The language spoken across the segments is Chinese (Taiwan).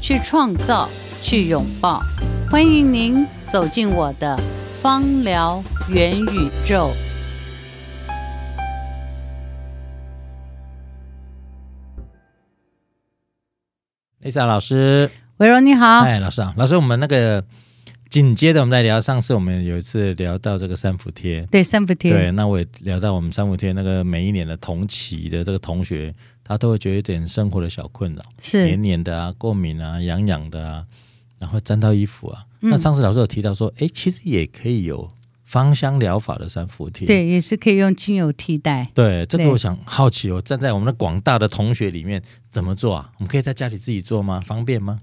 去創造，去擁抱。歡迎您走進我的芳療元宇宙。Lisa、hey, 老師，偉柔你好。哎，老師好，啊，老師，我們那個緊接着我們再聊，上次我們有一次聊到這個三伏貼，對三伏貼，對，那我也聊到我們三伏天那個每一年的同期的這個同學。他都會覺得有點生活的小困擾，是黏黏的啊，過敏啊，癢癢的啊，然後沾到衣服啊。嗯，那上次老師有提到說，哎，其實也可以有芳香療法的三伏貼，對，也是可以用精油替代。對，這個我想對好奇哦，站在我們的廣大的同學裡面怎麼做啊？我們可以在家裡自己做嗎？方便嗎？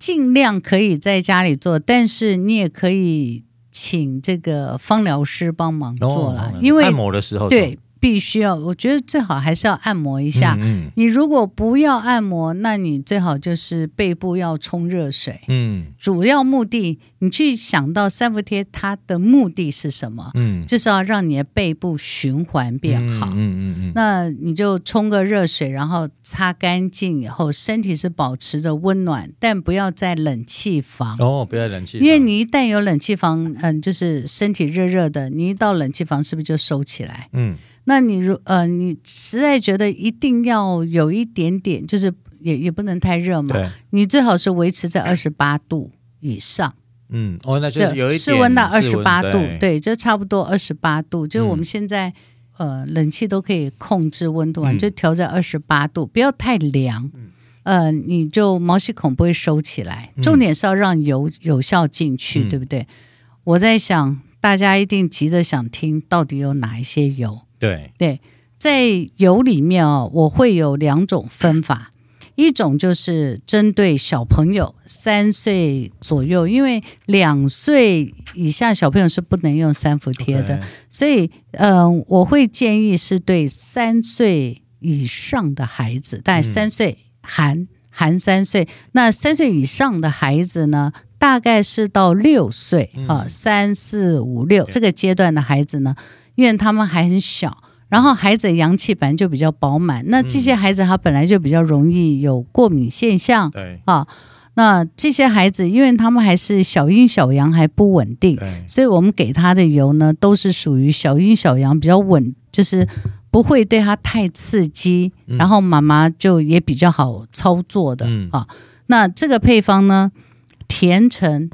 盡量可以在家裡做，但是你也可以請這個芳療師幫忙做了，oh, 因為按摩的時候對。必須要，我覺得最好還是要按摩一下。嗯嗯、你如果不要按摩，那你最好就是背部要沖熱水。嗯，主要目的，你去想到三伏貼它的目的是什麼？嗯，就是要讓你的背部循環變好。嗯嗯嗯。嗯嗯嗯，那你就沖個熱水，然後擦乾淨以後，身體是保持着溫暖，但不要在冷氣房。哦，不要冷氣。因為你一旦有冷氣房，嗯，就是身體熱熱的，你一到冷氣房是不是就收起來？嗯。那你如呃，你實在覺得一定要有一點點，就是也也不能太熱嘛。對你最好是維持在二十八度以上。哎、嗯哦，那就是有一點。室溫到二十八度，對，對，就差不多二十八度。就我們現在、嗯、呃，冷氣都可以控制溫度啊，就調在二十八度，嗯、不要太涼。嗯。呃，你就毛細孔不會收起來。嗯、重點是要讓油有效進去，嗯、對不對？我在想，大家一定急着想聽到底有哪一些油。對對，在油裡面啊、哦，我會有兩種分法，一種就是針對小朋友三歲左右，因為兩歲以下小朋友是不能用三伏貼的，Okay. 所以嗯、呃，我會建議是對三歲以上的孩子，但三歲、嗯、含含三歲，那三歲以上的孩子呢，大概是到六歲啊，三四五六這個階段的孩子呢。因為他們還很小，然後孩子的陽氣本來就比較飽滿，那這些孩子他本來就比較容易有過敏現象，嗯、啊，那這些孩子因為他們還是小陰小陽還不穩定，嗯、所以我們給他的油呢都是屬於小陰小陽比較穩，就是不會對他太刺激，然後媽媽就也比較好操作的、嗯、啊。那這個配方呢，甜橙。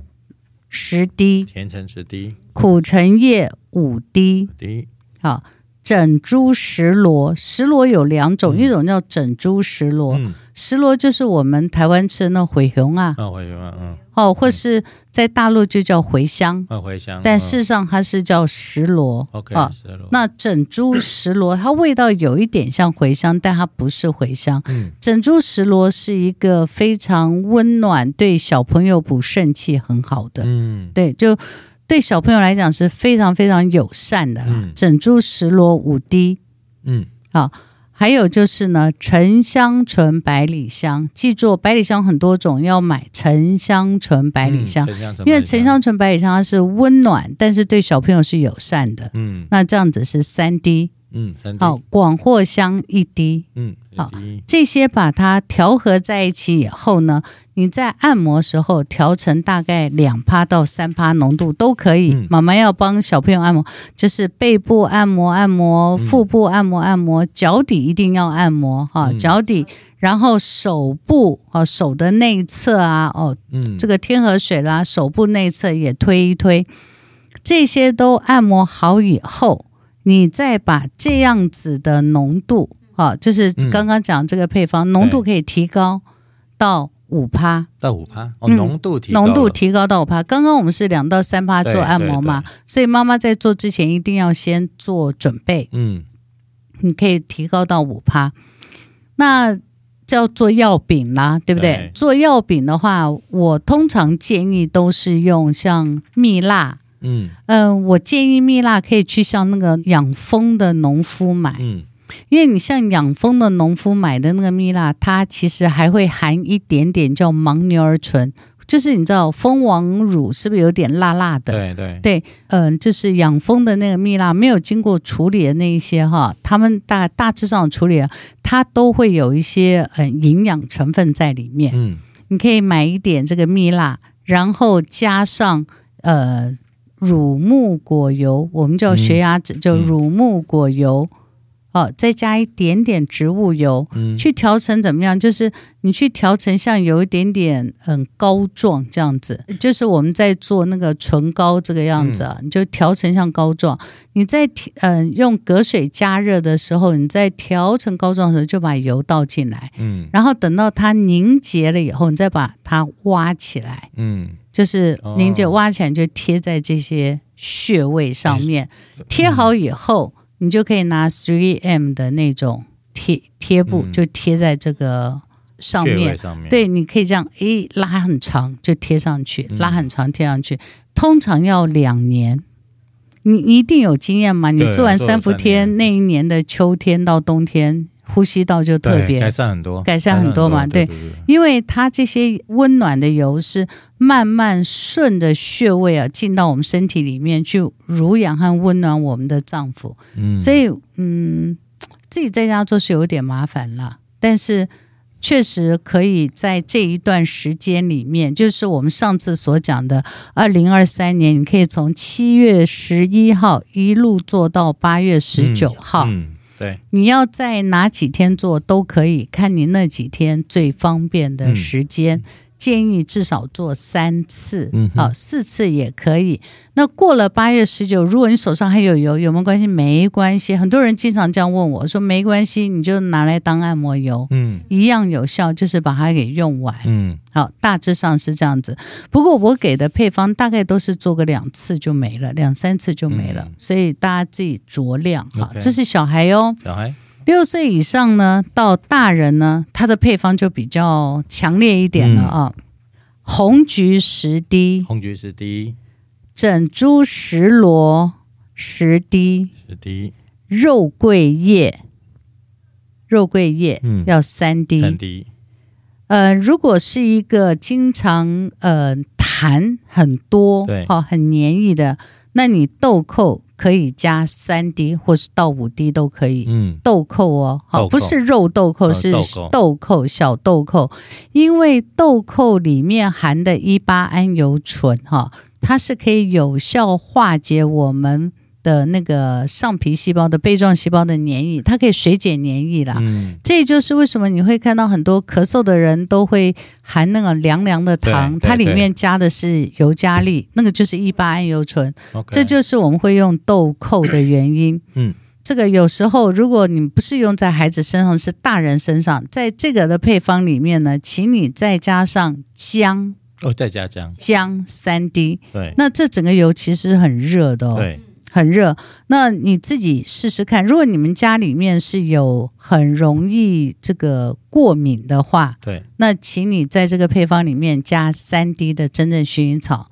十滴，甜橙十滴，苦橙葉五滴，五滴，好。整株蒔蘿，蒔蘿有兩種，嗯、一種叫整株蒔蘿，嗯、蒔蘿就是我們台灣吃的那茴香啊，啊茴香啊，嗯，哦，或是在大陸就叫茴香，啊茴香，但事實上它是叫蒔蘿，OK，蒔蘿。那整株蒔蘿，它味道有一點像茴香，但它不是茴香。嗯，整株蒔蘿是一個非常溫暖，對小朋友補腎氣很好的。嗯，對，就。對小朋友來講是非常非常友善的啦，嗯、整株石螺五滴，嗯、好、啊，還有就是呢，沉香醇百里香，記住，百里香很多種，要買沉香醇百里香，因為沉香醇百里香它是溫暖，但是對小朋友是友善的，嗯，那這樣子是三滴。嗯，好、哦，廣藿香一滴，嗯，好、哦，這些把它調和在一起以後呢，你在按摩時候調成大概兩趴到三趴濃度都可以。嗯、媽媽要幫小朋友按摩，就是背部按摩按摩，腹部按摩按摩，嗯、腳底一定要按摩哈、哦，腳底，然後手部啊、哦，手的內側啊，哦，嗯、這個天河水啦，手部內側也推一推，這些都按摩好以後。你再把這樣子的濃度，好、啊，就是剛剛講這個配方濃、嗯、度可以提高到五趴，對嗯、到五趴，濃、哦、度濃度提高到五趴。剛剛我們是兩到三趴做按摩嘛，對對對，所以媽媽在做之前一定要先做準備。嗯，你可以提高到五趴，那叫做藥餅啦，對不對？對，做藥餅的話，我通常建議都是用像蜜蠟。嗯、呃、我建議蜜蠟可以去像那個養蜂的農夫買，嗯、因為你像養蜂的農夫買的那個蜜蠟，它其實還會含一點點叫牻牛兒醇，就是你知道蜂王乳是不是有點辣辣的？對對嗯、呃，就是養蜂的那個蜜蠟沒有經過處理的那一些哈，他們大大致上處理，它都會有一些呃營養成分在裡面。嗯、你可以買一點這個蜜蠟，然後加上呃。乳木果油，我們叫雪亞脂，就、嗯、乳木果油，哦、嗯啊，再加一點點植物油，嗯、去調成怎麼樣？就是你去調成像有一點點嗯膏狀這樣子，就是我們在做那個唇膏這個樣子、啊，你、嗯、就調成像膏狀。你在嗯、呃、用隔水加熱的時候，你在調成膏狀的時候就把油倒進來，嗯，然後等到它凝結了以後，你再把它挖起來，嗯。就是您就挖起來就貼在這些穴位上面，嗯、貼好以後，你就可以拿 3M 的那種貼貼布，就貼在這個上面。上面對，你可以這樣，誒、哎，拉很長就貼上去，拉很長貼上去，嗯、通常要兩年。你你一定有經驗嘛？你做完三伏天那一年的秋天到冬天。呼吸道就特別改善很多，改善很多嘛，多，對，對對對，因為它這些溫暖的油是慢慢順着穴位啊，進到我們身體裡面去濡養和溫暖我們的臟腑，嗯，所以嗯，自己在家做是有點麻煩了，但是確實可以在這一段時間裡面，就是我們上次所講的二零二三年，你可以從七月十一號一路做到八月十九號，嗯，嗯。對，你要在哪幾天做都可以，看你那幾天最方便的時間。嗯建議至少做三次，嗯，好，四次也可以。那過了八月十九，如果你手上還有油，有沒有關係？沒關係，很多人經常這樣問我說，沒關係，你就拿來當按摩油，嗯，一樣有效，就是把它給用完，嗯，好，大致上是這樣子。不過我給的配方大概都是做個兩次就沒了，兩三次就沒了，嗯、所以大家自己酌量。好，okay, 這是小孩喲、哦，小孩。六歲以上呢，到大人呢，它的配方就比較強烈一點了啊、哦。嗯、紅橘十滴，紅橘十滴，整株石螺十滴，十滴肉桂葉，肉桂葉要三滴，嗯、三滴。呃，如果是一個經常呃痰很多，對，哦，很黏膩的，那你豆蔻。可以加三滴，或是到五滴都可以。嗯，豆蔻哦，蔻好，不是肉豆蔻，豆蔻是豆蔻，小豆蔻。豆蔻因為豆蔻裡面含的 1,8- 桉油醇，哈，它是可以有效化解我們。的那個上皮細胞的杯狀細胞的黏液，它可以水解黏液啦。嗯，這就是為什麼你會看到很多咳嗽的人都會含那個涼涼的糖，它裡面加的是尤加利，那個就是一八桉油醇。Okay, 這就是我們會用豆蔻的原因。嗯，這個有時候如果你不是用在孩子身上，是大人身上，在這個的配方裡面呢，請你再加上薑。哦，再加薑。薑三滴。對，那這整個油其實很熱的哦。對。很熱，那你自己試試看。如果你們家裡面是有很容易這個過敏的話，對，那請你在這個配方裡面加三滴的真正薰衣草。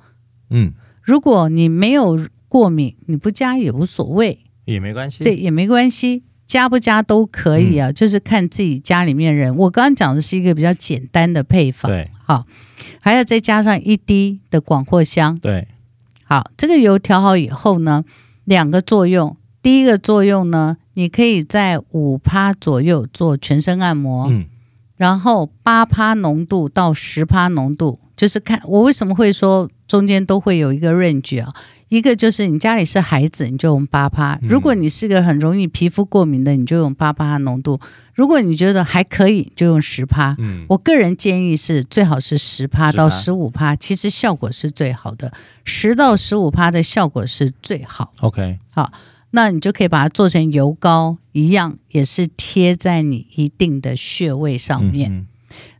嗯，如果你沒有過敏，你不加也無所謂，也沒關係。對，也沒關係，加不加都可以啊，嗯、就是看自己家裡面人。我剛剛講的是一個比較簡單的配方，對，好，還要再加上一滴的廣藿香。對，好，這個油調好以後呢。兩個作用，第一個作用呢，你可以在五趴左右做全身按摩，嗯、然後八趴濃度到十趴濃度，就是看我為什麼會說。中間都會有一個 range 啊、哦，一個就是你家裡是孩子，你就用八趴。如果你是個很容易皮膚過敏的，你就用八趴的濃度。如果你覺得還可以，就用十趴。嗯，我個人建議是最好是十趴到十五趴，其實效果是最好的，十到十五趴的效果是最好。OK，好，那你就可以把它做成油膏，一樣也是貼在你一定的穴位上面。嗯嗯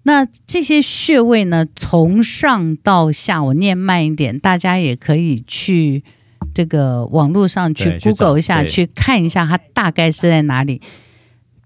那這些穴位呢？從上到下，我念慢一點，大家也可以去這個網絡上去 Google 一下，去，去看一下它大概是在哪裡。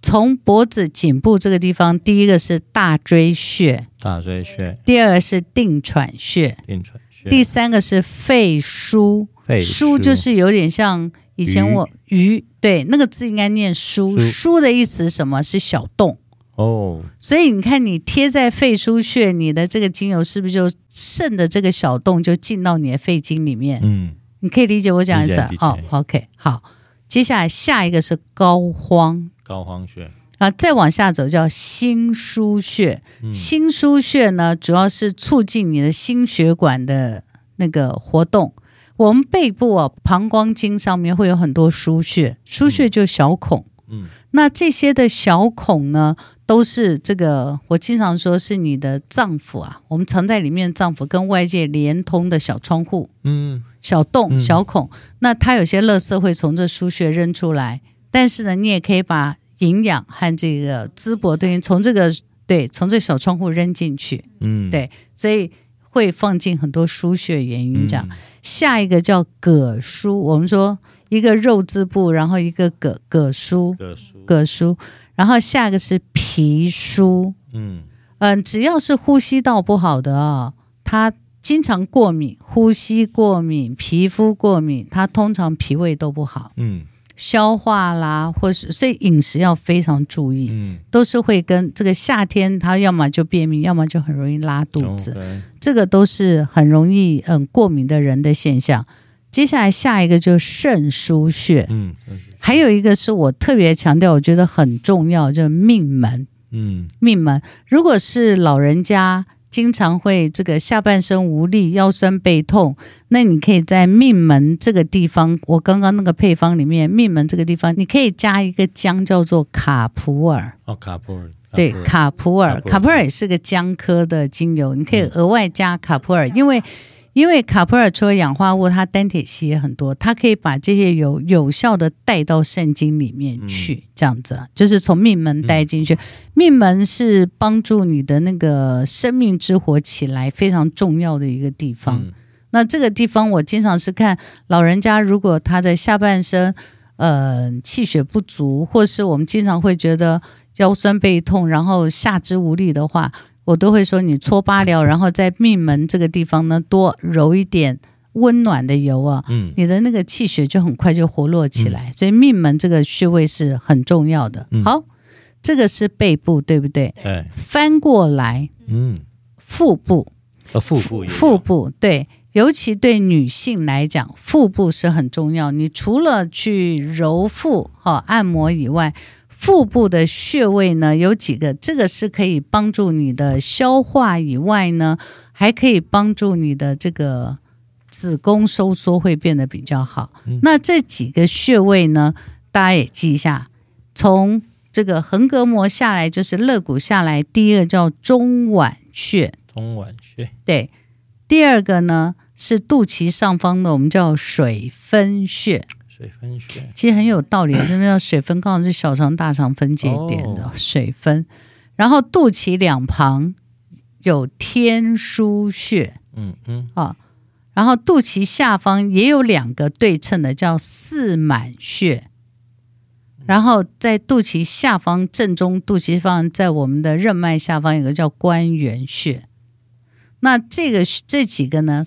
從脖子、頸部這個地方，第一個是大椎穴，大椎穴；第二個是定喘穴，定喘穴；第三個是肺腧，腧書就是有點像以前我魚，魚，對，那個字應該念腧，腧書的意思是什麼？是小洞。哦，oh, 所以你看，你貼在肺腧穴，你的這個精油是不是就滲的這個小洞就進到你的肺經裡面？嗯，你可以理解我講意思。好解、oh,，OK，好，接下來下一個是膏肓。膏肓穴啊，再往下走叫心腧穴。嗯、心腧穴呢，主要是促進你的心血管的那個活動。我們背部啊，膀胱經上面會有很多腧穴，腧穴就小孔。嗯。嗯那這些的小孔呢，都是這個我經常說是你的臟腑啊，我們藏在裡面的臟腑跟外界連通的小窗戶，嗯，小洞、小孔。嗯、那它有些垃圾會從這俞穴扔出來，但是呢，你也可以把營養和這個滋補的東西，從這個對，從這小窗戶扔進去，嗯，對，所以會放進很多俞穴原因。講、嗯、下一個叫膈俞，我們說。一個肉質部，然後一個葛葛舒、葛舒、葛舒，然後下一個是脾舒，嗯嗯，只要是呼吸道不好的哦，他經常過敏，呼吸過敏、皮膚過敏，他通常脾胃都不好，嗯，消化啦，或是所以飲食要非常注意，嗯，都是會跟這個夏天，他要麼就便秘，要麼就很容易拉肚子，Okay. 這個都是很容易嗯過敏的人的現象。接下來下一個就是腎腧穴，嗯，還有一個是我特別強調，我覺得很重要，就是命門，嗯，命門。如果是老人家經常會這個下半身無力、腰酸背痛，那你可以在命門這個地方，我剛剛那個配方裡面，命門這個地方你可以加一個薑，叫做卡普爾。哦，卡普爾，對，卡普爾，卡普爾是個薑科的精油，你可以額外加卡普爾，嗯，因為。因為卡普爾除了氧化物，它單萜烯也很多，它可以把這些有有效的帶到腎經裡面去，嗯、這樣子就是從命門帶進去。嗯、命門是幫助你的那個生命之火起來非常重要的一個地方。嗯、那這個地方我經常是看老人家，如果他的下半身呃氣血不足，或是我們經常會覺得腰酸背痛，然後下肢無力的話，我都會說，你搓八髎，然後在命門這個地方呢，多揉一點溫暖的油啊，嗯、你的那個氣血就很快就活絡起來。嗯、所以命門這個穴位是很重要的。嗯、好，這個是背部，對不對？嗯、翻過來，嗯腹部、呃，腹部，腹部，腹部，對，尤其對女性來講，腹部是很重要。你除了去揉腹、哈、哦、按摩以外。腹部的穴位呢有幾個，這個是可以幫助你的消化以外呢，還可以幫助你的這個子宮收縮會變得比較好。嗯，那這幾個穴位呢，大家也記一下。從這個橫膈膜下來就是肋骨下來，第一個叫中脘穴，中脘穴，對。第二個呢是肚臍上方的，我們叫水分穴。水分穴其實很有道理，真的 叫水分，剛好是小腸、大腸分界點的、哦、水分。然後肚臍兩旁有天樞穴，嗯嗯，啊、嗯哦，然後肚臍下方也有兩個對稱的叫四滿穴。嗯、然後在肚臍下方正中，肚臍方在我們的任脈下方有一個叫關元穴。那這個這幾個呢？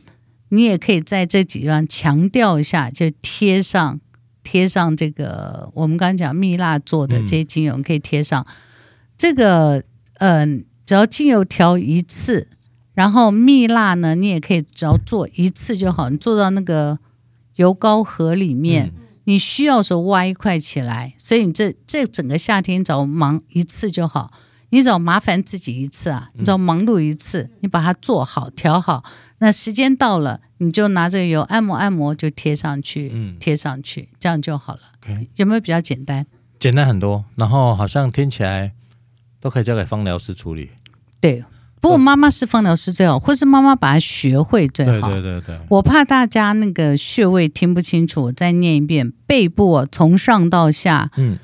你也可以在這幾段強調一下，就貼上貼上這個我們剛講蜜蠟做的這些精油，嗯、你可以貼上這個。嗯、呃，只要精油調一次，然後蜜蠟呢，你也可以只要做一次就好。你做到那個油膏盒裡面，嗯、你需要時候挖一塊起來，所以你這這整個夏天只要忙一次就好。你只要麻煩自己一次啊，你只要忙碌一次，嗯、你把它做好調好，那時間到了，你就拿着這個油按摩按摩，就貼上去，貼、嗯、上去，這樣就好了。Okay 有沒有比較簡單？簡單很多，然後好像聽起來都可以交給芳療師處理。對，不過媽媽是芳療師最好，或是媽媽把它學會最好。對對對對。我怕大家那個穴位聽不清楚，我再念一遍：背部從、啊、上到下，嗯，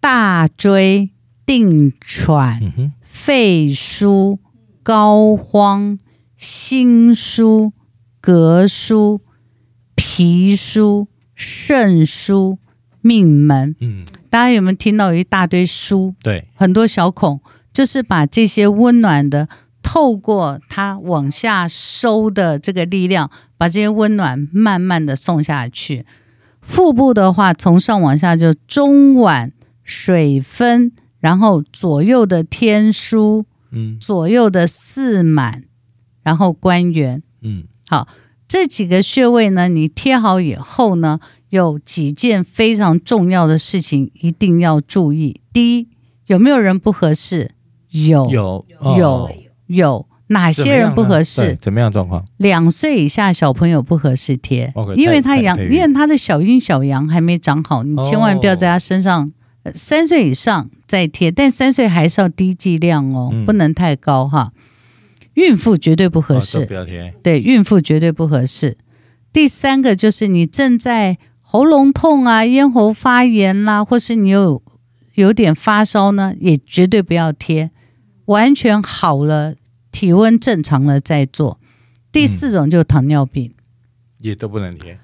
大椎。定喘、肺腧、膏肓、心腧、膈腧、脾腧、腎腧、命門。嗯，大家有沒有聽到一大堆腧？對，很多小孔，就是把這些溫暖的，透過它往下收的這個力量，把這些溫暖慢慢的送下去。腹部的話，從上往下就中脘、水分。然後左右的天樞，嗯，左右的四滿，然後關元，嗯，好，這幾個穴位呢，你貼好以後呢，有幾件非常重要的事情一定要注意。第一，有沒有人不合適？有，有，有，有哪些人不合適？怎麼樣狀況？兩歲以下小朋友不合適貼，OK，因為他陽，因為他的小陰小陽還沒長好，你千萬不要在他身上。三歲以上再貼，但三歲還是要低劑量哦，嗯、不能太高哈。孕婦絕對不合適，哦、對，孕婦絕對不合適。第三個就是你正在喉嚨痛啊、咽喉發炎啦、啊，或是你有有點發燒呢，也絕對不要貼。完全好了，體溫正常了再做。第四種就是糖尿病，嗯、也都不能貼。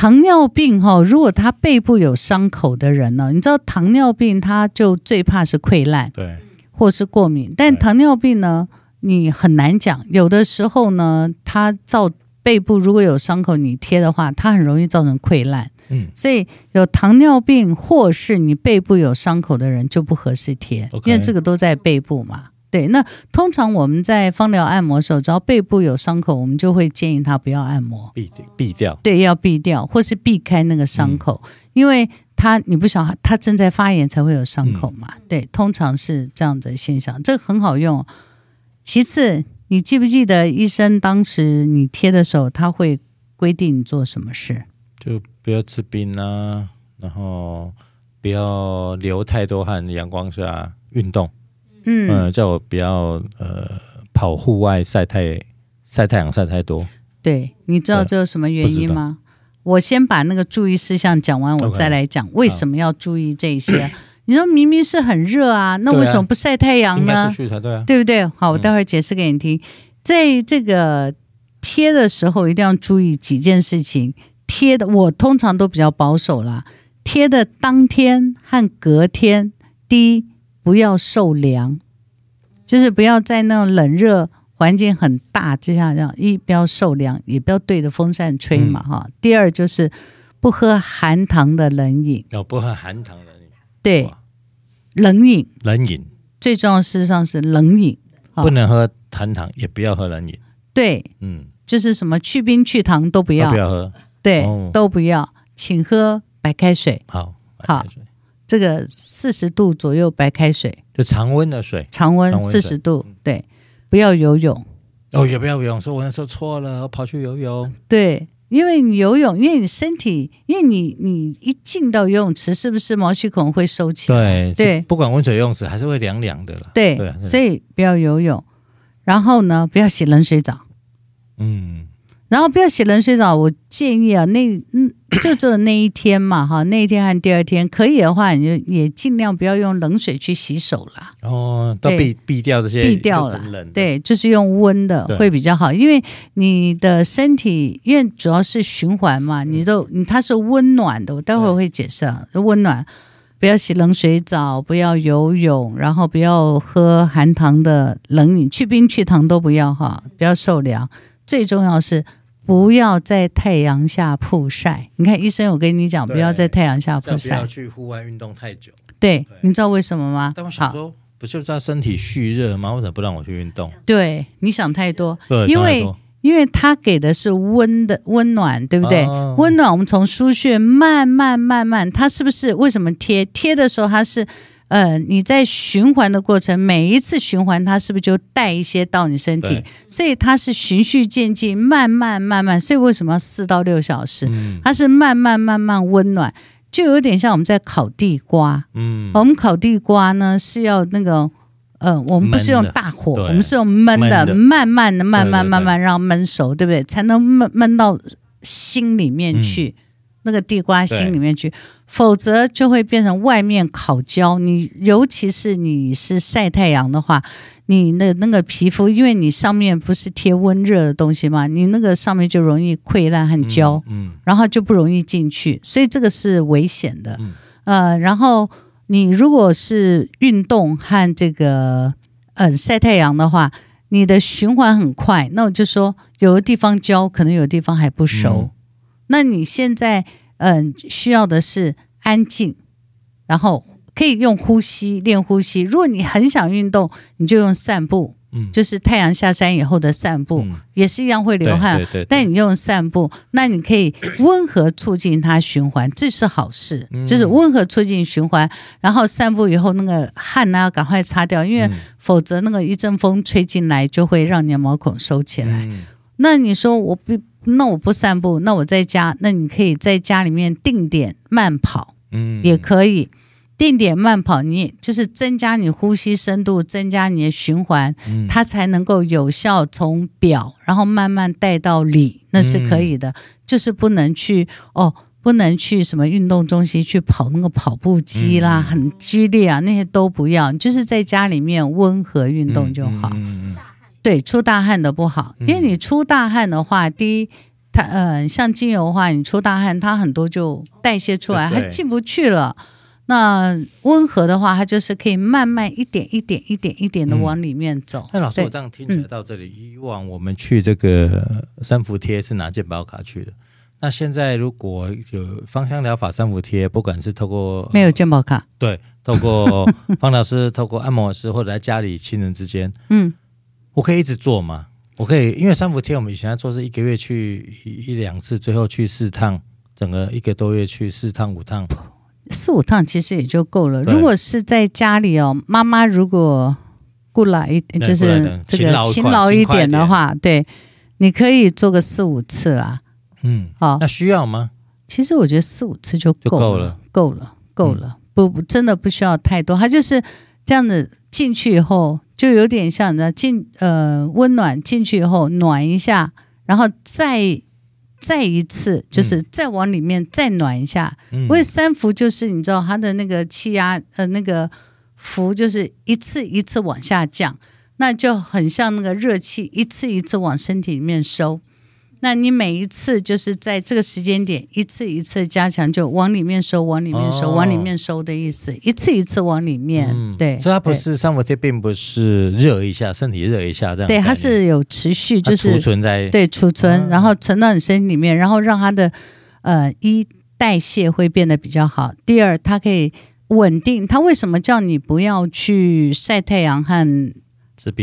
糖尿病哈，如果他背部有傷口的人呢，你知道糖尿病他就最怕是潰爛，對，或是過敏。對但糖尿病呢，你很難講，有的時候呢，他照背部如果有傷口，你貼的話，它很容易造成潰爛。嗯，所以有糖尿病或是你背部有傷口的人就不合適貼，Okay 因為這個都在背部嘛。對，那通常我們在芳療按摩的時候，只要背部有傷口，我們就會建議他不要按摩，避避掉。對，要避掉，或是避開那個傷口，嗯、因為他你不曉得他正在發炎才會有傷口嘛。嗯、對，通常是這樣的現象，這個很好用。其次，你記不記得醫生當時你貼的時候，他會規定你做什麼事？就不要吃冰啊，然後不要流太多汗，陽光下運動。嗯，嗯，叫我不要呃跑戶外曬太曬太陽曬太多。對，你知道這是什麼原因嗎？我先把那個注意事項講完，我再來講為什麼要注意這些啊。好你說明明是很熱啊，那為什麼不曬太陽呢？出去才對啊，對不對？好，我待會兒解釋給你聽。嗯，在這個貼的時候，一定要注意幾件事情。貼的我通常都比較保守了，貼的當天和隔天，第一。不要受涼，就是不要在那種冷熱環境很大，就像這樣。一不要受涼，也不要對着風扇吹嘛，哈。第二就是不喝含糖的冷飲，哦，不喝含糖冷飲。對，冷飲，冷飲最重要，事實上是冷飲，不能喝含糖，也不要喝冷飲。對，嗯，就是什麼去冰、去糖都不要，不要喝。對，都不要，請喝白開水。好，好。這個四十度左右白開水，就常溫的水，常溫四十度，對，不要游泳。哦，也不要游泳。說我那時候錯了，我跑去游泳。對，因為你游泳，因為你身體，因為你你一進到游泳池，是不是毛細孔會收起來？對對，對不管溫水游泳池，還是會涼涼的啦，對對，對啊、對所以不要游泳。然後呢，不要洗冷水澡。嗯，然後不要洗冷水澡。我建議啊，那嗯。就做那一天嘛，哈，那一天和第二天可以的話，你就也盡量不要用冷水去洗手了。哦，都避避掉這些冷的避掉了，對就是用溫的會比較好，對因為你的身體因為主要是循環嘛，你都你它是溫暖的。我待會兒會解釋，啊對。溫暖不要洗冷水澡，不要游泳，然後不要喝含糖的冷飲，去冰去糖都不要哈，不要受涼。最重要的是。不要在太陽下曝曬。你看醫生，我跟你講，不要在太陽下曝曬。不要去戶外運動太久。對，對你知道為什麼嗎？他說好不就是在身體蓄熱嗎？為什麼不讓我去運動？對，你想太多。對因為因為他給的是溫的溫暖，對不對？溫、哦、暖，我們從腧穴慢慢慢慢，它是不是為什麼貼貼的時候它是？呃，你在循環的過程，每一次循環它是不是就帶一些到你身體？對所以它是循序漸進，慢慢慢慢。所以為什麼要四到六小時？嗯、它是慢慢慢慢溫暖，就有點像我們在烤地瓜。嗯、我們烤地瓜呢是要那個，呃，我們不是用大火，我們是用燜的，的慢慢的、慢慢、慢慢讓燜熟，對不對？才能燜燜到心裡面去。嗯那個地瓜心裡面去，對否則就會變成外面烤焦。你尤其是你是曬太陽的話，你那，那個皮膚，因為你上面不是貼溫熱的東西嘛，你那個上面就容易潰爛和焦，嗯，嗯，然後就不容易進去，所以這個是危險的。嗯、呃，然後你如果是運動和這個嗯、呃、曬太陽的話，你的循環很快，那我就說有的地方焦，可能有的地方還不熟。嗯那你現在嗯、呃、需要的是安靜，然後可以用呼吸練呼吸。如果你很想運動，你就用散步，嗯、就是太陽下山以後的散步，嗯、也是一樣會流汗。對對對對。但你用散步，那你可以溫和促進它循環，這是好事，嗯、就是溫和促進循環。然後散步以後那個汗呢，趕快擦掉，因為否則那個一陣風吹進來，就會讓你的毛孔收起來。嗯、那你說我不？那我不散步，那我在家，那你可以在家裡面定點慢跑，嗯、也可以定點慢跑，你就是增加你呼吸深度，增加你的循環，嗯、它才能夠有效從表，然後慢慢帶到裡，那是可以的，嗯、就是不能去哦，不能去什麼運動中心去跑那個跑步機啦，很激烈啊，那些都不要，就是在家裡面溫和運動就好。嗯嗯嗯嗯。對，出大汗的不好，因為你出大汗的話，嗯、第一，它呃，像精油的話，你出大汗，它很多就代謝出來，它進不去了。那溫和的話，它就是可以慢慢一點一點一點一點的往裡面走。那、嗯、老師，對我這樣聽起來，到這裡以往我們去這個三伏貼是拿健保卡去的。那現在如果有芳香療法三伏貼，不管是透過沒有健保卡，呃，對，透過方老師， 透過按摩師，或者在家裡親人之間，嗯。我可以一直做嗎？我可以，因為三伏天我們以前要做是一個月去一兩次，最後去四趟，整個一個多月去四趟五趟，四五趟其實也就夠了。對如果是在家裡哦，媽媽如果過來一就是這個勤勞一點的話，對，你可以做個四五次啦。嗯，好，那需要嗎？其實我覺得四五次就夠了，夠了，夠了，夠了，夠了、嗯，不不，真的不需要太多。它就是這樣子進去以後。就有點像你知道進呃溫暖進去以後暖一下，然後再再一次就是再往裡面再暖一下。因為、嗯、三伏就是你知道它的那個氣壓呃那個伏就是一次一次往下降，那就很像那個熱氣一次一次往身體裡面收。那你每一次就是在這個時間點一次一次加強，就往裡面收，往裡面收，哦、往裡面收的意思，一次一次往裡面。嗯、對，所以它不是三伏貼，對並不是熱一下身體熱一下這樣。對，它是有持續，就是儲存在對儲存，嗯、然後存到你身體裡面，然後讓它的呃一代謝會變得比較好。第二，它可以穩定。它為什麼叫你不要去曬太陽和？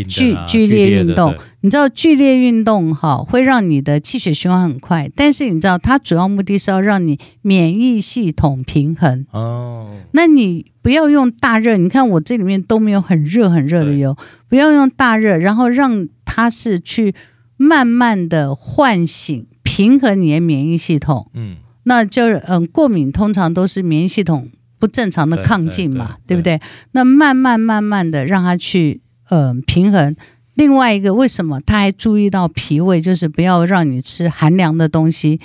劇、啊、劇烈運動，你知道劇烈運動哈會讓你的氣血循環很快，但是你知道它主要目的是要讓你免疫系統平衡哦。那你不要用大熱，你看我這裡面都沒有很熱很熱的油，對不要用大熱，然後讓它是去慢慢的喚醒、平衡你的免疫系統。嗯，那就是嗯過敏通常都是免疫系統不正常的亢進嘛，對，對，對，對，對不對？那慢慢慢慢的讓它去。嗯、呃，平衡。另外一個，為什麼他還注意到脾胃？就是不要讓你吃寒涼的東西，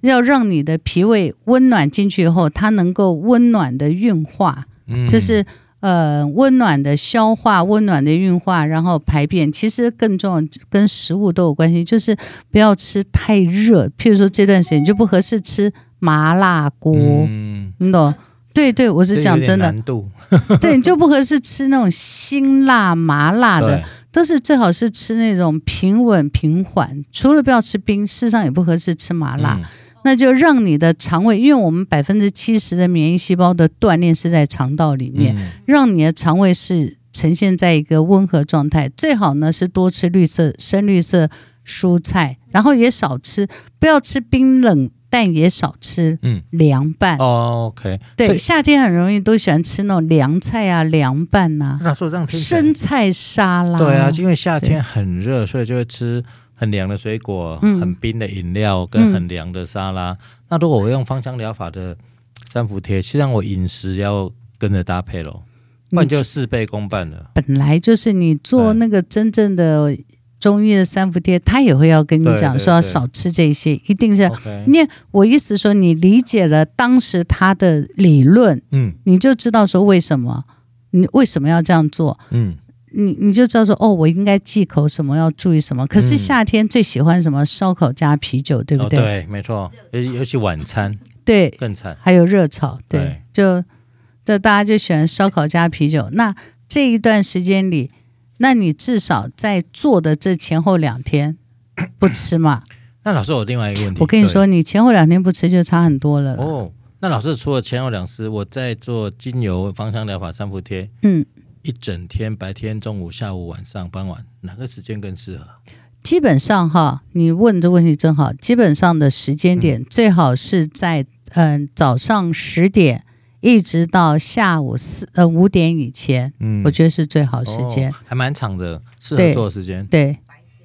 要讓你的脾胃溫暖進去以後，它能夠溫暖的運化，嗯、就是呃，溫暖的消化、溫暖的運化，然後排便。其實更重要，跟食物都有關係，就是不要吃太熱。譬如說這段時間就不合適吃麻辣鍋，嗯、你懂。對對，我是講真的， 對，你就不合適吃那種辛辣麻辣的，對都是最好是吃那種平穩平緩。除了不要吃冰，事實上也不合適吃麻辣，嗯、那就讓你的腸胃，因為我們百分之七十的免疫細胞的鍛煉是在腸道裡面，嗯、讓你的腸胃是呈現在一個溫和狀態。最好呢是多吃綠色深綠色蔬菜，然後也少吃，不要吃冰冷。但也少吃，嗯，涼拌、哦。OK，對，以夏天很容易都喜歡吃那種涼菜啊、涼拌吶、啊。那說生菜沙拉。對啊，因為夏天很熱，對所以就會吃很涼的水果、嗯、很冰的飲料跟很涼的沙拉。嗯、那如果我用芳香療法的三伏貼，其實際上我飲食要跟着搭配嘍，那你就事倍功半了。本來就是你做那個真正的。中醫的三伏貼，他也會要跟你講，說要少吃這些，對對對，一定是。你 Okay 我意思是說，你理解了當時他的理論，嗯，你就知道說為什麼你為什麼要這樣做，嗯，你你就知道說，哦，我應該忌口什麼，要注意什麼。可是夏天最喜歡什麼？嗯，燒烤加啤酒，對不對？哦，對，沒錯，尤其，尤其晚餐，對，更慘，還有熱炒，對，對，就就大家就喜歡燒烤加啤酒。那這一段時間裡。那你至少在做的這前後兩天不吃嘛。 那老師，我另外一個問題，我跟你說，對你前後兩天不吃就差很多了。哦，那老師除了前後兩次，我在做精油芳香療法三伏貼，嗯，一整天，白天、中午、下午、晚上、傍晚，哪個時間更適合？基本上哈，你問這問題真好，基本上的時間點最好是在嗯，嗯早上十點。一直到下午四呃五點以前，嗯，我覺得是最好時間。哦，還蠻長的，是，適合做的時間對，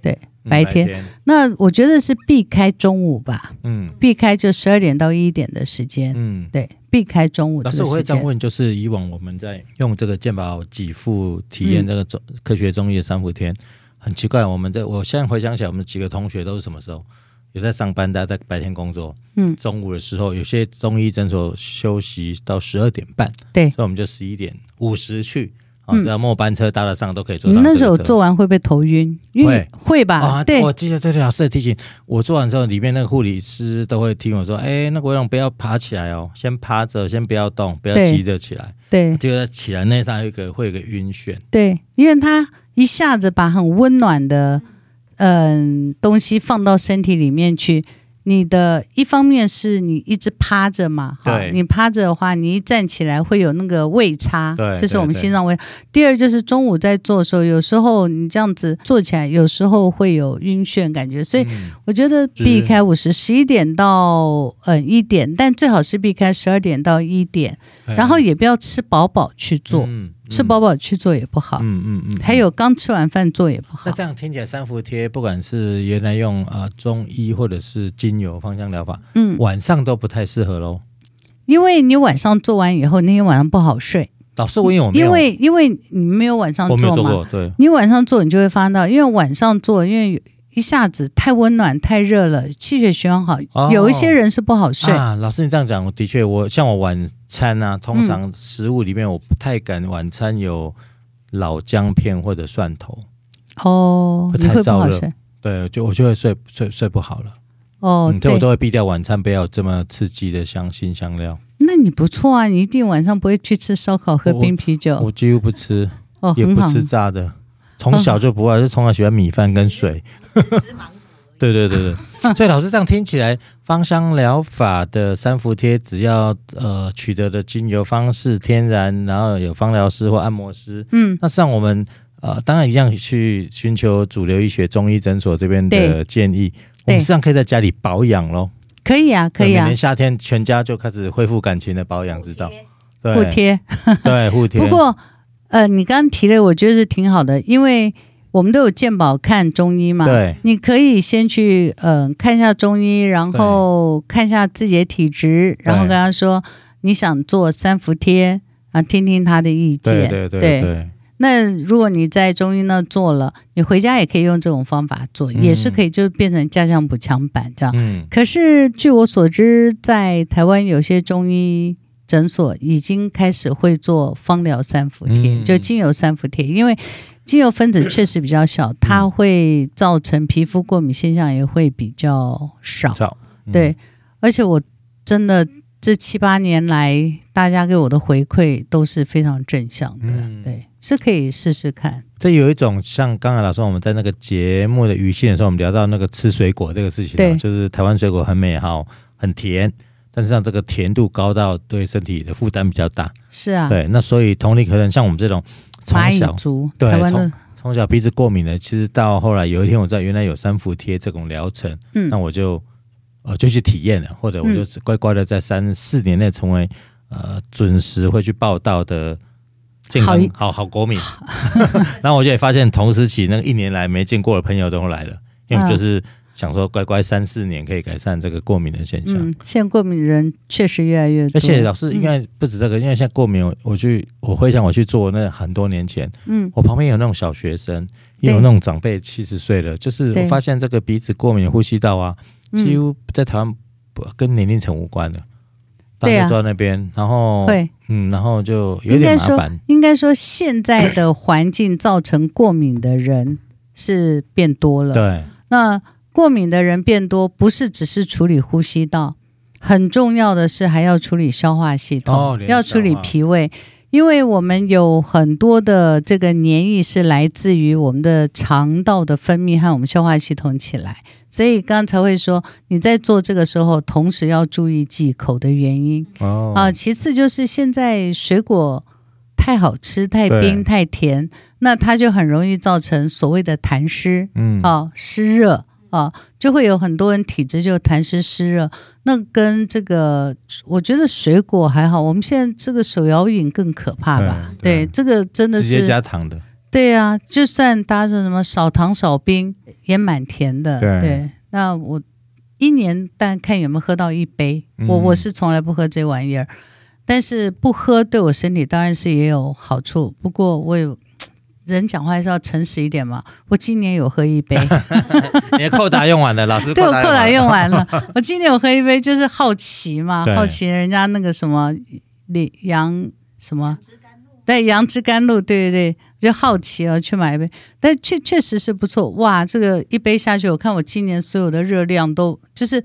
對，對，白天。那我覺得是避開中午吧，嗯，避開就十二點到一點的時間，嗯，對，避開中午。但是我也想問，就是以往我們在用這個健保給付體驗這個中科學中醫的三伏天，嗯、很奇怪，我們這我現在回想起來，我們幾個同學都是什麼時候？有在上班，大家在白天工作，嗯，中午的時候有些中醫診所休息到十二點半，對，所以我們就十一點五十去，啊、嗯，只要末班車搭得上都可以坐。到。你那時候做完會不會頭暈？會會吧，會哦、對。我記得這條是的提醒我做完之後，裡面那個護理師都會聽我說：“哎、欸，那國、個、要不要爬起來哦，先趴着，先不要動，不要急着起來。對”對，結果他起來那上有一個會有個暈眩，對，因為他一下子把很溫暖的。嗯，東西放到身體裡面去，你的一方面是你一直趴着嘛，哈對、啊，你趴着的話，你一站起來會有那個胃差，這對是我們心臟胃。對對對，第二就是中午在做的時候，有時候你這樣子做起來，有時候會有暈眩感覺，所以我覺得避開五十十一點到嗯呃、一點，但最好是避開十二點到一點，嗯、然後也不要吃飽飽去做。嗯嗯、吃飽飽去做也不好，嗯嗯嗯，嗯嗯還有剛吃完飯做也不好，嗯。那這樣聽起來三，三伏貼不管是原來用啊，呃、中醫或者是精油芳香療法，嗯，晚上都不太適合嘍。因為你晚上做完以後，那天晚上不好睡。老師，嗯，我因為因為因為你沒有晚上做嘛，做你晚上做你就會發現到，因為晚上做，因為。一下子太溫暖、太熱了，氣血循環好，哦、有一些人是不好睡啊。老師，你這樣講，的確，我像我晚餐啊，通常食物裡面我不太敢晚餐有老薑片或者蒜頭。嗯、哦，不太燥了你會不好睡？對，我就我就會睡睡睡不好了。哦，嗯、對我都會避掉晚餐，不要這麼刺激的香辛香料。那你不錯啊，你一定晚上不會去吃燒烤、喝冰啤酒。我，我幾乎不吃，哦、也不吃炸的，從好小就不會，就從小喜歡米飯跟水。 對對對對， 所以老師這樣聽起來，芳香療法的三伏貼，只要呃取得的精油方式天然，然後有芳療師或按摩師，嗯，那像我們呃當然一樣去尋求主流醫學、中醫診所這邊的建議，對我們實際上可以在家裡保養咯。可以啊，可以啊。呃、每年夏天，全家就開始恢復感情的保養之貼道，對貼，護貼 對護貼。護貼不過呃，你剛剛提的，我覺得是挺好的，因為。我們都有健保看中醫嘛？對，你可以先去嗯、呃、看一下中醫，然後看一下自己的體質，對然後跟他說你想做三伏貼啊，聽聽他的意見。對對對。那如果你在中醫那做了，你回家也可以用這種方法做，嗯、也是可以，就變成加強補強版這樣。嗯、可是據我所知，在台灣有些中醫診所已經開始會做芳療三伏貼，嗯、就精油三伏貼，因為。精油分子確實比較小，它會造成皮膚過敏現象也會比較少。嗯、對，而且我真的這七八年來，大家給我的回饋都是非常正向的。嗯、對，是可以試試看。這有一種像剛才老師我們在那個節目的語氣的時候，我們聊到那個吃水果這個事情，對就是台灣水果很美好，很甜，但是像這個甜度高到對身體的負擔比較大。是啊，對，那所以同理，可能像我們這種。從小，對，從從小鼻子過敏的，其實到後來有一天，我知道原來有三伏貼這種療程，嗯，那我就呃就去體驗了，或者我就乖乖的在三四年內成為、嗯、呃準時會去報到的健康好、哦、好國民。 然後我就也發現，同時期那個一年來沒見過的朋友都來了，因為就是。嗯想說乖乖三四年可以改善這個過敏的現象。嗯，現在過敏人確實越來越多。而且老師應該不止這個，嗯、因為現在過敏我，我去，我回想，我去做那很多年前，嗯，我旁邊有那種小學生，對也有那種長輩七十歲的，就是我發現這個鼻子過敏、呼吸道啊，對幾乎在台灣不跟年齡層無關的。對，坐在那邊對、啊、然後會嗯，然後就有點麻煩應。應該說現在的環境造成過敏的人是變多了。對，那。過敏的人變多，不是只是處理呼吸道，很重要的是還要處理消化系統，哦啊、要處理脾胃，因為我們有很多的這個黏液是來自於我們的腸道的分泌和我們消化系統起來，所以剛才會說，你在做這個時候，同時要注意忌口的原因。哦啊，其次就是現在水果太好吃，太冰、對太甜，那它就很容易造成所謂的痰濕、嗯哦，濕熱。啊、哦，就會有很多人體質就痰濕濕熱，那跟這個，我覺得水果還好。我們現在這個手搖飲更可怕吧？嗯、對，對這個真的是直接加糖的。對啊，就算搭著什麼少糖少冰，也蠻甜的。對，對，那我一年半看有沒有喝到一杯，我我是從來不喝這玩意兒。嗯、但是不喝對我身體當然是也有好處。不過我。人講話還是要誠實一點嘛？我今年有喝一杯， 你扣打用完了，老師對扣打用完了。我今年我喝一杯，就是好奇嘛，對好奇人家那個什麼李楊什麼，羊對楊枝甘露，對對對，就好奇啊，去買一杯。但確確實是不錯，哇，這個一杯下去，我看我今年所有的熱量都就是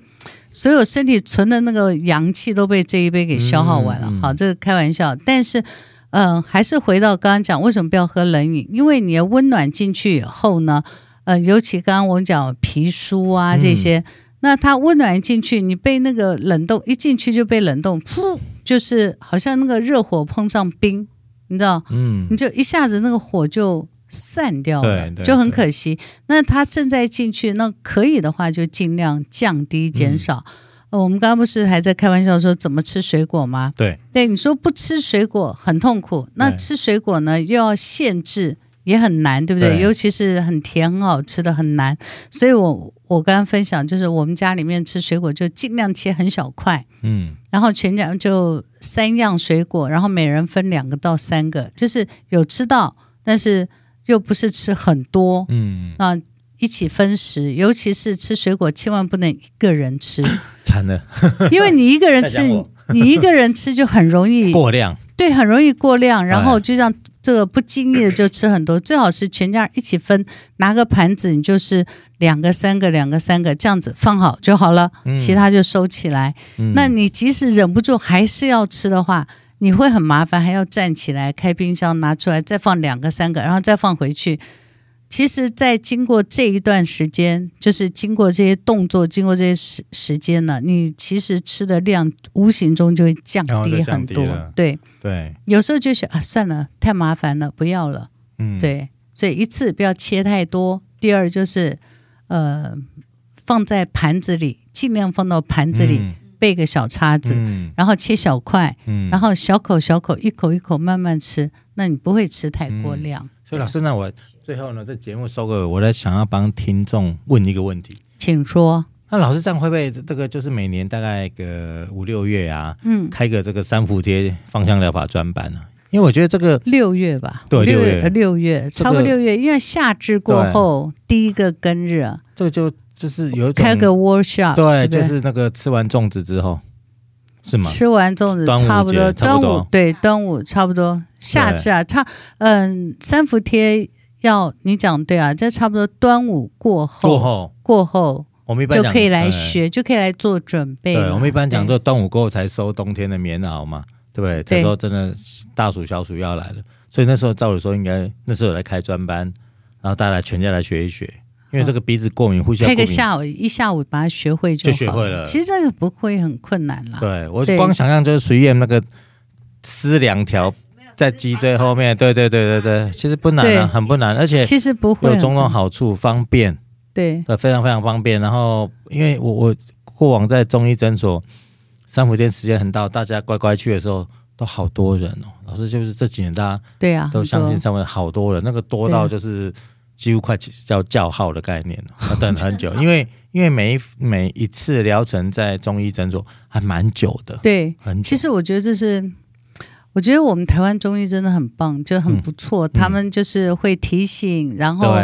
所有身體存的那個陽氣都被這一杯給消耗完了。嗯嗯、好，這個開玩笑，但是。嗯，還是回到剛剛講，為什麼不要喝冷飲？因為你的溫暖進去以後呢，呃，尤其剛剛我們講脾俞啊這些，嗯、那它溫暖一進去，你被那個冷凍一進去就被冷凍，噗，就是好像那個熱火碰上冰，你知道，嗯，你就一下子那個火就散掉了，就很可惜。那它正在進去，那可以的話就盡量降低、減少。嗯我們剛剛不是還在開玩笑說怎麼吃水果嗎？對對，你說不吃水果很痛苦，那吃水果呢對又要限制，也很難，對不對？對，尤其是很甜很好吃的很難。所以我我剛剛分享就是，我們家裡面吃水果就盡量切很小塊，嗯，然後全家就三樣水果，然後每人分兩個到三個，就是有吃到，但是又不是吃很多，嗯，啊一起分食，尤其是吃水果，千萬不能一個人吃，慘了。 因為你一個人吃， 你一個人吃就很容易過量，對，很容易過量。然後就像這個不經意的就吃很多，哎、最好是全家一起分，拿個盤子，你就是兩個三個，兩個三個這樣子放好就好了，嗯、其他就收起來。嗯、那你即使忍不住還是要吃的話，你會很麻煩，還要站起來開冰箱拿出來，再放兩個三個，然後再放回去。其實，在經過這一段時間，就是經過這些動作，經過這些時時間呢，你其實吃的量無形中就會降低很多。對對，對有時候就想啊，算了，太麻煩了，不要了。嗯，對。所以一次不要切太多。第二就是，呃，放在盤子裡，儘量放到盤子裡，備、嗯、個小叉子，嗯、然後切小塊，嗯、然後小口小口，一口一口慢慢吃，那你不會吃太過量。嗯、對。所以老師，那我。最後呢，這節目收尾，我在想要幫聽眾問一個問題，請說。那老師這樣會不會這個就是每年大概個五六月啊，嗯，開個這個三伏貼芳香療法專班呢？因為我覺得這個六月吧，對六月，六月差不多六月，因為夏至過後第一個庚日啊，這個就就是有開個 workshop，對，就是那個吃完粽子之後，是嗎？吃完粽子，差不多端午，對端午差不多，夏至啊，差嗯三伏貼要，你講對啊，這差不多端午過後，過後過後，我們一般就可以來學，對就可以來做準備。對，我們一般講做端對午過後才收冬天的棉襖嘛，對不對？這時候真的大暑小暑要來了，所以那時候照理說應該那時候我來開專班，然後大家全家來學一學，因為這個鼻子過敏，嗯、呼吸要過敏，開個下午一下午把它學會就，就學會了。其實這個不會很困難啦，對，我光想象就是隨便那個吃兩條。在脊椎後面，對對對對對，其實不難啊，對很不難，而且其實不會有種種好處，對方便，對，呃對，非常非常方便。然後，因為我我過往在中醫診所三伏天時間很到，大家乖乖去的時候都好多人哦。老師就是這幾年大家對啊，都相信三伏天好多人，啊、那個多到就是幾乎快起、啊、叫叫號的概念了，要等很久。 因為因為每一每一次療程在中醫診所還蠻久的，對，很久。其實我覺得這是。我覺得我們台灣中醫真的很棒，就很不錯。嗯、他們就是會提醒，嗯、然後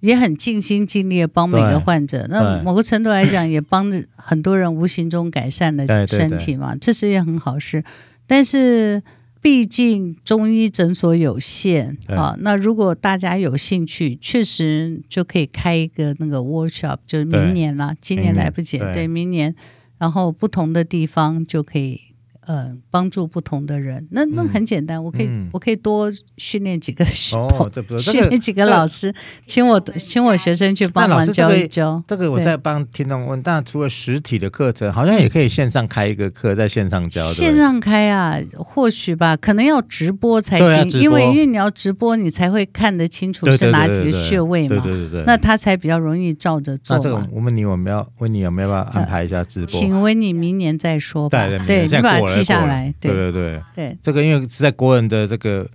也很盡心盡力的幫每個患者。對那某個程度來講，也幫很多人無形中改善了身體嘛，對對對這是一件很好事。但是，畢竟中醫診所有限對啊。那如果大家有興趣，確實就可以開一個那個 workshop，就是明年了，對今年來不及。嗯、對，對，明年，然後不同的地方就可以。嗯，幫助不同的人，那那很簡單，我可以我可以多訓練幾個師徒，訓練幾個老師，請我請我學生去幫忙教一教。這個我在幫聽眾問，但除了實體的課程，好像也可以線上開一個課，在線上教。線上開啊，或許吧，可能要直播才行，因為因為你要直播，你才會看得清楚是哪幾個穴位嘛，那他才比較容易照着做。那這個我問你有沒有問你有沒有辦法安排一下直播？請問你明年再說吧。對，你把記下來，對對對，對，對這個，因為在國人的這個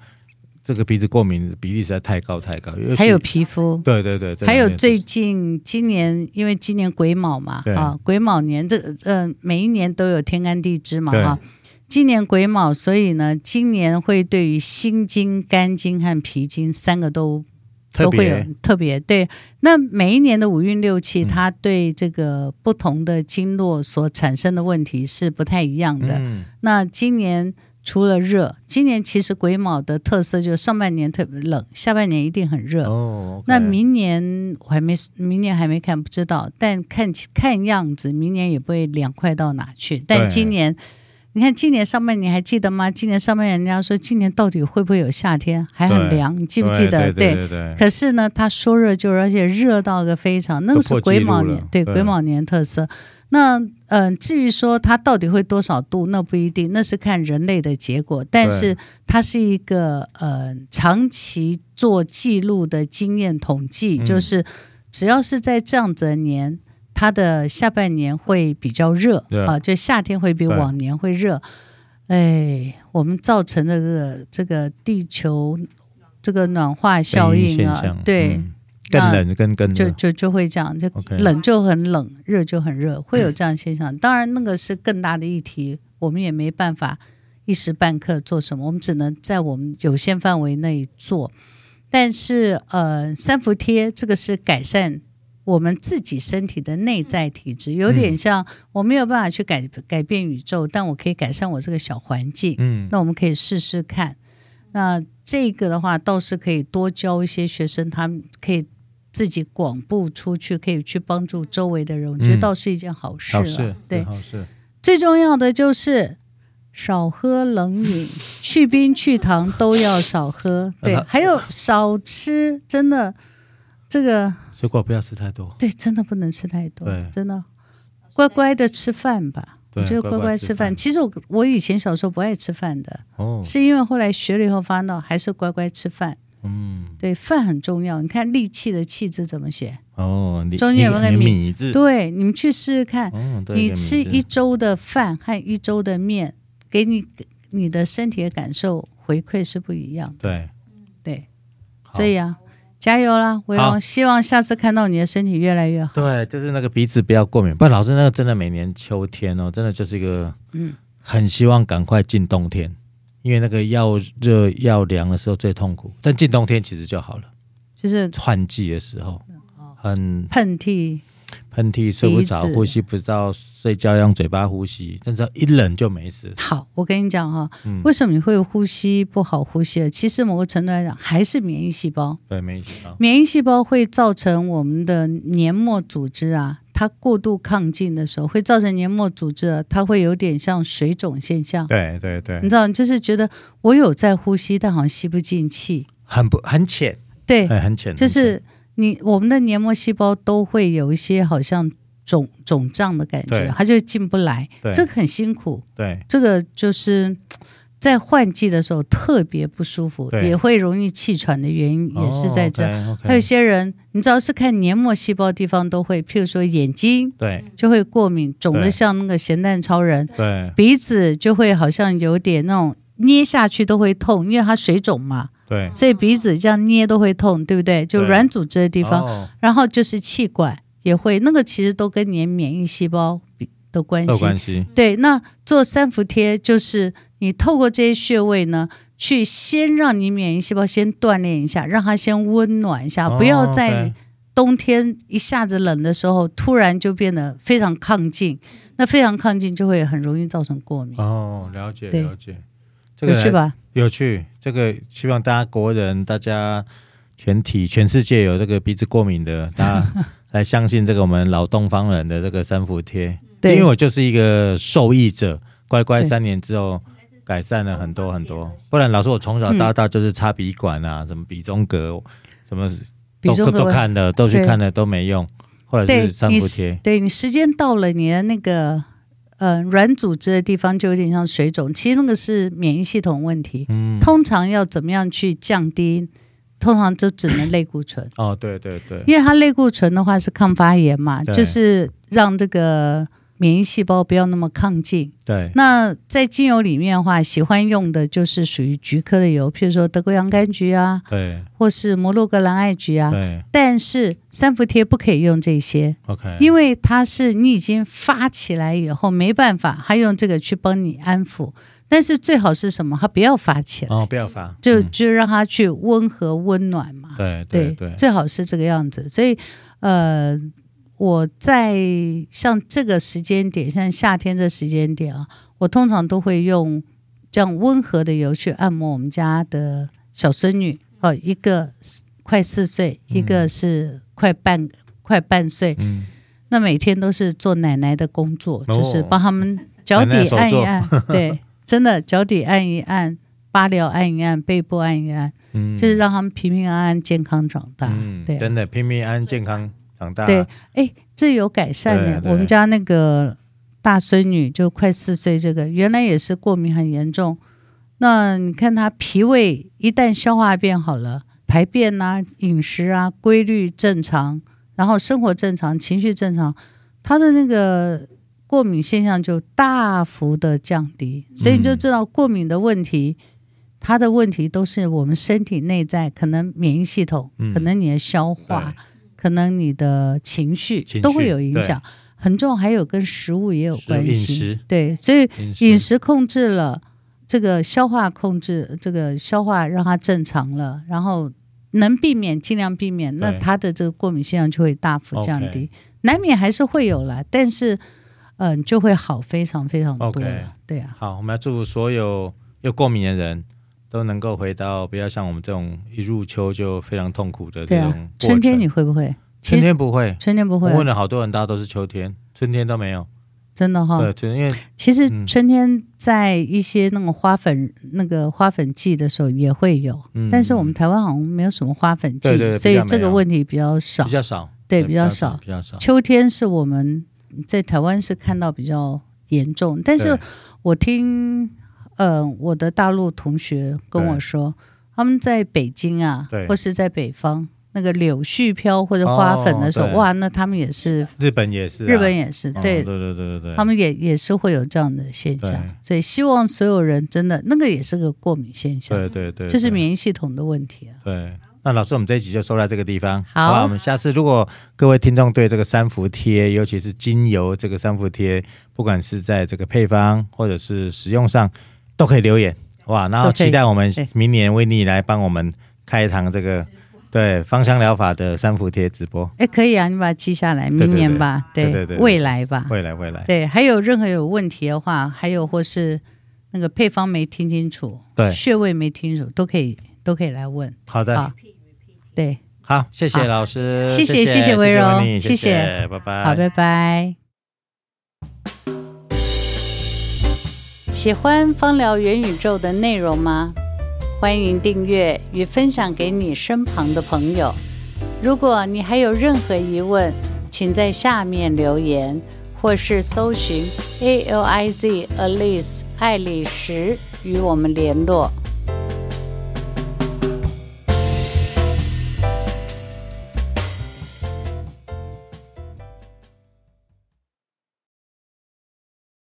這個鼻子過敏的比例實在太高太高，還有皮膚，對對對，還有最近今年，因為今年癸卯嘛，啊癸對、哦、卯年，這呃每一年都有天干地支嘛，哈對、哦，今年癸卯，所以呢，今年會對於心經、肝經和脾經三個都。都會有特別，特別，對，那每一年的五運六氣，嗯、它對這個不同的經絡所產生的問題是不太一樣的。嗯、那今年除了熱，今年其實癸卯的特色就是上半年特別冷，下半年一定很熱。哦 okay、那明年我還沒明年還沒看，不知道。但看看樣子，明年也不會涼快到哪去。但今年。你看今年上半年你還記得嗎？今年上半年人家說今年到底會不會有夏天還很涼，對你記不記得？對可是呢，他說熱就熱，而且熱到個非常那個是癸卯年，對癸卯年特色。對那嗯、呃，至於說它到底會多少度，那不一定，那是看人類的結果。但是它是一個呃長期做記錄的經驗統計，就是只要是在這樣子的年。對嗯它的下半年會比較熱 yeah, 啊，就夏天會比往年會熱。對哎，我們造成的、這個、這個地球這個暖化效應啊，對、嗯，更冷、啊、更更就就就會這樣，就冷就很冷，Okay. 熱就很熱，會有這樣現象。嗯、當然，那個是更大的議題，我們也沒辦法一時半刻做什麼，我們只能在我們有限範圍內做。但是，呃，三伏貼這個是改善。我們自己身體的內在體質有點像，我沒有辦法去改改變宇宙，嗯、但我可以改善我這個小環境。嗯，那我們可以試試看。那這個的話，倒是可以多教一些學生，他們可以自己廣布出去，可以去幫助周圍的人。我、嗯、覺得倒是一件好事了、嗯。好事，對，好事。最重要的就是少喝冷飲， 去冰、去糖都要少喝。對， 還有少吃，真的。這個水果不要吃太多，對，真的不能吃太多，真的，乖乖的吃飯吧，我覺得乖乖吃飯。其實我我以前小時候不愛吃飯的，哦，是因為後來學了以後發鬧，還是乖乖吃飯，嗯，對，飯很重要。你看“力氣”的“氣”字怎麼寫？哦，中間有個“米”字，對，你們去試試看，你吃一周的飯和一周的麵，給你你的身體的感受回饋是不一樣的，對，對，所以啊。加油啦，我好希望下次看到你的身體越來越好。對，就是那個鼻子不要過敏。不然，老師，那個真的每年秋天哦，真的就是一個，嗯，很希望趕快進冬天，嗯、因為那個要熱要涼的時候最痛苦。但進冬天其實就好了，就是換季的時候，哦、很噴嚏，噴嚏，睡不着，鼻子。呼吸不到，睡覺用嘴巴呼吸，但只要一冷就沒事。好，我跟你講哈，為什麼你會呼吸不好？呼吸？嗯、其實某個程度來講，還是免疫細胞。對，免疫細胞。免疫細胞會造成我們的黏膜組織啊，它過度亢進的時候，會造成黏膜組織、啊，它會有點像水腫現象。對對對，你知道，就是覺得我有在呼吸，但好像吸不進氣，很不很淺。對，對，很淺，就是。你，我們的黏膜細胞都會有一些好像腫腫脹的感覺，對它就進不來，對這個很辛苦。對，這個就是在換季的時候特別不舒服，對也會容易氣喘的原因也是在這。哦、okay, okay，還有些人，你只要是看黏膜細胞的地方都會，譬如說眼睛，對，就會過敏，對腫的像那個鹹蛋超人。對，對鼻子就會好像有點那種捏下去都會痛，因為它水腫嘛。對，所以鼻子這樣捏都會痛，對不對？就軟組織的地方，哦、然後就是氣管也會，那個其實都跟你的免疫細胞都關係。有關係。對，那做三伏貼就是你透過這些穴位呢，去先讓你免疫細胞先鍛鍊一下，讓它先溫暖一下，哦、不要在冬天一下子冷的時候，哦 okay，突然就變得非常亢進，那非常亢進就會很容易造成過敏。哦，了解，了解。回對個去吧。有趣，這個希望大家國人、大家全體，全世界有這個鼻子過敏的，大家來相信這個我們老東方人的這個三伏貼。 對，因為我就是一個受益者，乖乖三年之後改善了很多很多。不然老師，我從小到大就是插鼻管啊，嗯、什麼鼻中隔，什麼都都看的，對都去看的都沒用。或者是三伏貼，對，你時間到了，你的那個。嗯，呃、軟組織的地方就有點像水腫，其實那個是免疫系統問題。嗯、通常要怎麼樣去降低？通常就只能類固醇。哦，對對對，因為它類固醇的話是抗發炎嘛，對就是讓這個。免疫細胞不要那麼亢進。對。那在精油裡面的話，喜歡用的就是屬於菊科的油，譬如說德國洋甘菊啊，對，或是摩洛哥藍艾菊啊，對。但是三伏貼不可以用這些，OK？因為它是你已經發起來以後沒辦法，它用這個去幫你安撫。但是最好是什麼？它不要發起來哦，不要發，就、嗯、就讓它去溫和溫暖嘛。對對對，對，最好是這個樣子。所以呃。我在像這個時間點，像夏天這時間點啊，我通常都會用這樣溫和的油去按摩我們家的小孫女。哦，一個快四歲，一個是快半、嗯、快半歲。嗯、那每天都是做奶奶的工作，嗯、就是幫他們腳底按一按，奶奶 對，真的腳底按一按，八髎按一按，背部按一按，嗯、就是讓他們平平安安、健康長大。嗯、對、啊，真的平平安安、健康。對，哎，這有改善的。對對對，我們家那個大孫女就快四歲，這個原來也是過敏很嚴重。那你看她脾胃一旦消化變好了，排便吶、啊、飲食啊規律正常，然後生活正常、情緒正常，她的那個過敏現象就大幅的降低。所以你就知道，過敏的問題，嗯、它的問題都是我們身體內在可能免疫系統，可能你的消化。嗯可能你的情緒都會有影響，很重。還有跟食物也有關係，對，所以飲食控制了，食這個消化控制，這個消化讓它正常了，然後能避免盡量避免，對那它的這個過敏現象就會大幅降低。Okay 難免還是會有了，但是嗯、呃，就會好非常非常多 Okay 對啊，好，我們要祝福所有有過敏的人。都能夠回到，不要像我們這種一入秋就非常痛苦的這種。春天你會不會？春天不會，春天不會。問了好多人，大家都是秋天，春天都沒有。真的哈。對，春天。因為其實春天在一些那個花粉那個花粉季的時候也會有，但是我們台灣好像沒有什麼花粉季，所以這個問題比較少，比較少。對，比較少。比較少。秋天是我們在台灣是看到比較嚴重，但是我聽。嗯、呃，我的大陸同學跟我說，對他們在北京啊，對或是在北方，那個柳絮飄或者花粉的時候，哦哦、哇，那他們也是日本也是、啊、日本也是對、嗯、對對對對對，他們也也是會有這樣的現象，對所以希望所有人真的那個也是個過敏現象，對對，對對對，這是免疫系統的問題啊。對，那老師，我們這一集就說到這個地方。好，好，我們下次如果各位聽眾對這個三伏貼，尤其是精油這個三伏貼，不管是在這個配方或者是使用上，都可以留言哇，然後期待我們明年維尼來幫我們開一堂這個對芳香療法的三伏貼直播。哎，可以啊，你把它記下來，明年吧，對對未來吧，未來未來。對，還有任何有問題的話，還有或是那個配方沒聽清楚，對穴位沒聽清楚，都可以都可以來問。好的，好，對，好，謝謝老師，謝謝謝謝維尼，謝謝，拜拜，好，拜拜。喜歡芳療元宇宙的內容嗎？歡迎訂閱與分享給你身旁的朋友。如果你還有任何疑問，請在下面留言，或是搜尋 A L I Z Alice 愛麗絲與我們聯絡。